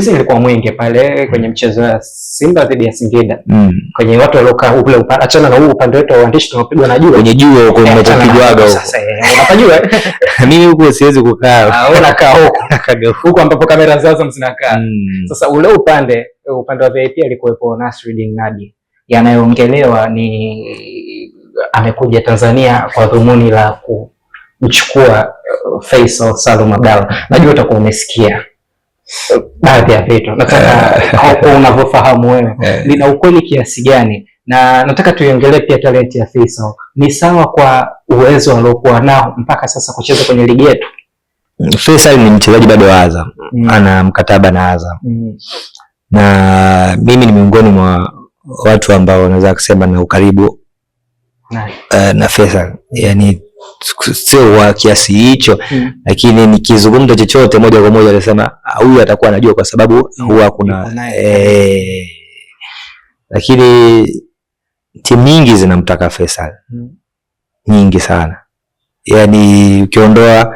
Sisi nilikuwa mwingi pale kwenye mm. mchezo wa Simba dhidi ya Singida mm. kwenye watu walioka ule upande, achana na huu upande wetu wa waandishi tunapigwa na jua kwenye jua huko, mnachopigwaga eh, huko. Sasa eh, unapajua mimi huko siwezi kukaa, ah, unakaa huko huko ambapo kamera zao zinakaa. Mm. Sasa ule upande upande wa VIP alikuwepo Nasruddin Nadi, yanayoongelewa ni amekuja Tanzania kwa dhumuni la kumchukua eh, Faisal Salum Abdalla, najua utakuwa umesikia baadhi ya vitu nataka unavyofahamu wewe lina eh. ukweli kiasi gani, na nataka tuiongelee pia talenti ya Faisal. Ni sawa kwa uwezo aliokuwa nao mpaka sasa kucheza kwenye ligi yetu? Faisal ni mchezaji bado wa Azam mm. ana mkataba na Azam mm. na mimi ni miongoni mwa watu ambao naweza kusema na ukaribu eh, na, uh, na Faisal yani sio wa kiasi hicho mm. Lakini nikizungumza chochote moja kwa moja alisema ah, huyu atakuwa anajua kwa sababu mm. huwa kuna eh, lakini timu nyingi zinamtaka Faisal mm. nyingi sana yani, ukiondoa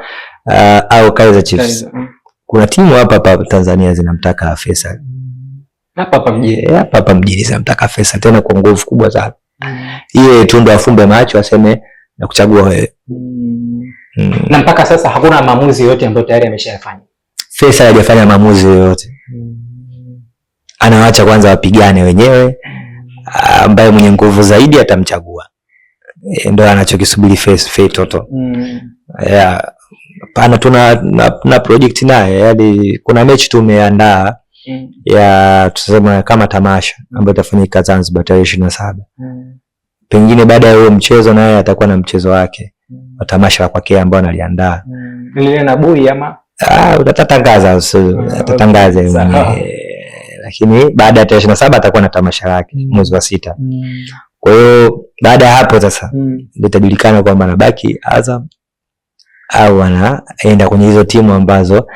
uh, au Kaizer Chiefs mm. kuna timu hapa hapa Tanzania zinamtaka Faisal mm. hapa hapa mjini eh, hapa hapa mjini zinamtaka Faisal tena kwa nguvu kubwa sana mm. Ile Tundu afumbe macho aseme na kuchagua wewe mm. Na mpaka sasa hakuna maamuzi yote ambayo tayari ameshayafanya. Faisal hajafanya maamuzi yoyote mm. Anawacha kwanza wapigane wenyewe, mm. ambaye mwenye nguvu zaidi atamchagua, e, ndio anachokisubiri Toto mm. Yeah. Pana tuna na, na project naye, yaani kuna mechi tumeandaa mm. ya tuseme kama tamasha ambayo itafanyika Zanzibar tarehe ishirini na saba mm pengine baada ya huo mchezo naye atakuwa na mchezo wake mm. wa tamasha kwake ambao analiandaa mm. lile na bui ama ah, utatangaza atatangaza ah, eh, lakini baada ya tarehe 27 na saba atakuwa na tamasha lake mm. mwezi wa sita mm. kwa hiyo baada ya hapo sasa mm. itajulikana kwamba anabaki Azam au anaenda kwenye hizo timu ambazo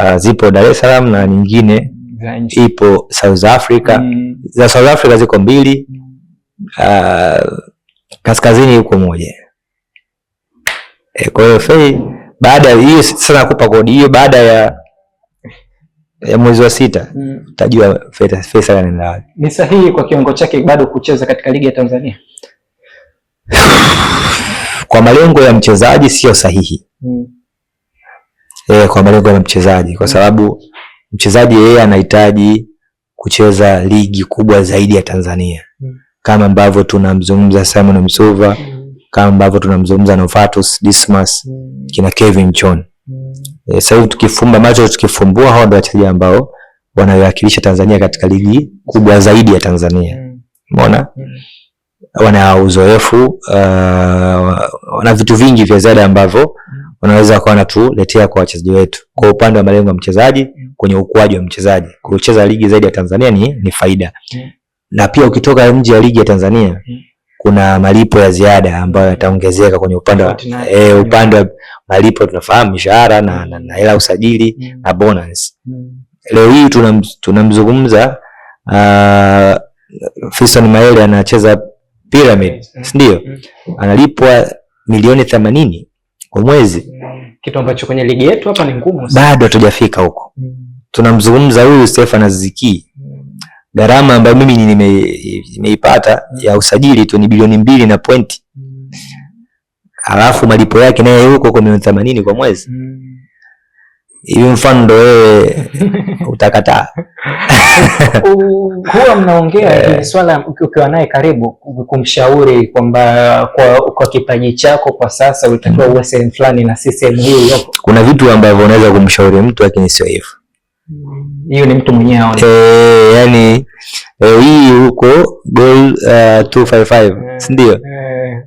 uh, zipo Dar es Salaam na nyingine ipo South Africa mm. za South Africa ziko mbili mm. Ah, kaskazini yuko moja. E, kwa hiyo fei baada ya hiyo sasa nakupa kodi hiyo baada ya ya mwezi wa sita mm. utajua mm. Faisal anaenda wapi. Ni sahihi kwa kiwango chake bado kucheza katika ligi ya Tanzania kwa malengo ya mchezaji sio sahihi mm. E, kwa malengo ya mchezaji kwa sababu mchezaji yeye anahitaji kucheza ligi kubwa zaidi ya Tanzania kama ambavyo tunamzungumza Simon Msuva, mm. kama ambavyo tunamzungumza Novatus Dismas, mm. kina Kevin Chon mm. E, sasa tukifumba macho tukifumbua, hao ndio wachezaji ambao wanawakilisha Tanzania katika ligi kubwa zaidi ya Tanzania. Mm. Umeona? mm. Wana uzoefu uh, wana vitu vingi vya ziada ambavyo wanaweza kuwa wanatuletea kwa wachezaji wetu, kwa upande wa malengo ya mchezaji, kwenye ukuaji wa mchezaji. Kucheza ligi zaidi ya Tanzania ni, ni faida. mm na pia ukitoka nje ya ligi ya Tanzania hmm. kuna malipo ya ziada ambayo yataongezeka kwenye upande wa eh, upande wa malipo tunafahamu mishahara na hela na, na usajili hmm. na bonus hmm. Leo hii tunam, tunamzungumza uh, Fiston Mayele anacheza Pyramid, hmm. si ndio? Hmm. Analipwa milioni themanini kwa mwezi, hmm. kitu ambacho kwenye ligi yetu hapa ni ngumu, sana. bado hatujafika huko. Tunamzungumza huyu Stefan Aziki Ki gharama ambayo mimi nimeipata nime mm. ya usajili tu ni bilioni mbili na pointi, mm. alafu malipo yake naye yuko kwa milioni themanini kwa mwezi mm. hivi. Mfano ndo wewe utakataa? Huwa mnaongea eh. swala ukiwa naye karibu, kumshauri kwamba kwa, kwa kipaji chako kwa sasa ulitakiwa uwe sehemu fulani na si sehemu hii. Kuna vitu ambavyo unaweza kumshauri mtu, lakini sio hivyo hiyo ni mtu mwenyewe aone. Yaani, eh, yani hii huko goal uh, 255 eh, eh ndio? eh.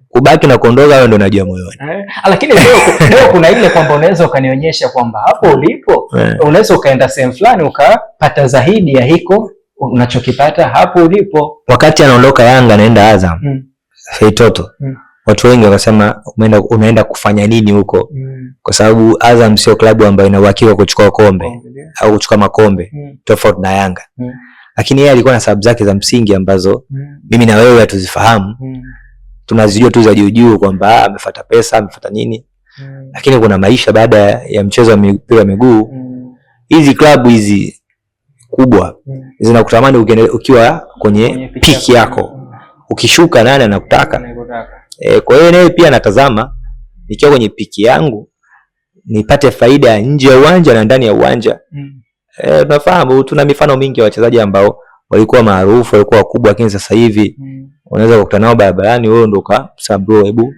kubaki na kuondoka wewe ndio unajua moyoni. eh. Ah, lakini leo leo kuna ile kwamba unaweza ukanionyesha kwamba hapo eh. ulipo eh. unaweza ukaenda sehemu fulani ukapata zaidi ya hiko unachokipata hapo ulipo. Wakati anaondoka Yanga anaenda Azam. Mm. Feitoto. Mm. Watu wengi wakasema umeenda unaenda kufanya nini huko? Mm kwa sababu Azam sio klabu ambayo ina uhakika kuchukua kombe mm. au kuchukua makombe mm. tofauti na Yanga mm. lakini yeye alikuwa na sababu zake za msingi ambazo mm. mimi na wewe hatuzifahamu mm. tunazijua tu za juujuu kwamba ah, amefuata pesa amefuata nini mm. lakini kuna maisha baada ya mchezo wa mpira wa miguu mm. hizi mm. klabu hizi kubwa mm. zinakutamani ukiwa kwenye, kwenye piki yako mm. ukishuka, nani anakutaka? mm. E, kwa hiyo naye pia anatazama nikiwa kwenye piki yangu nipate faida nje ya uwanja na ndani ya uwanja mm. E, tunafahamu tuna mifano mingi ya wachezaji ambao walikuwa maarufu walikuwa wakubwa, lakini sasa hivi mm. unaweza kukuta nao barabarani, wewe ndo ka sabro, hebu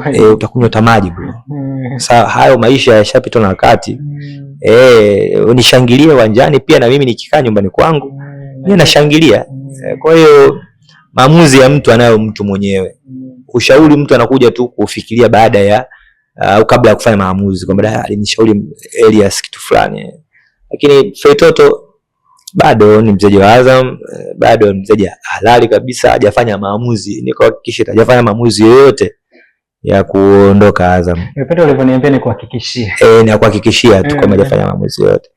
mm. e, utakunywa tamaji bro mm. Sasa hayo maisha yashapitwa na wakati mm. E, nishangilie uwanjani pia na mimi nikikaa nyumbani kwangu mm. mimi nashangilia mm. E, kwa hiyo maamuzi ya mtu anayo mtu mwenyewe mm. Ushauri mtu anakuja tu kufikiria baada ya Uh, au uh, kabla ya kufanya maamuzi kwamba alinishauri Elias kitu fulani, lakini Feitoto bado ni mchezaji wa Azam, uh, bado ni mchezaji halali kabisa, hajafanya maamuzi, nikuhakikishie hajafanya maamuzi yoyote ya kuondoka Azam. Nipende ulivyoniambia ni kuhakikishia. Eh, ni kuhakikishia tu eh. kama hajafanya maamuzi yoyote.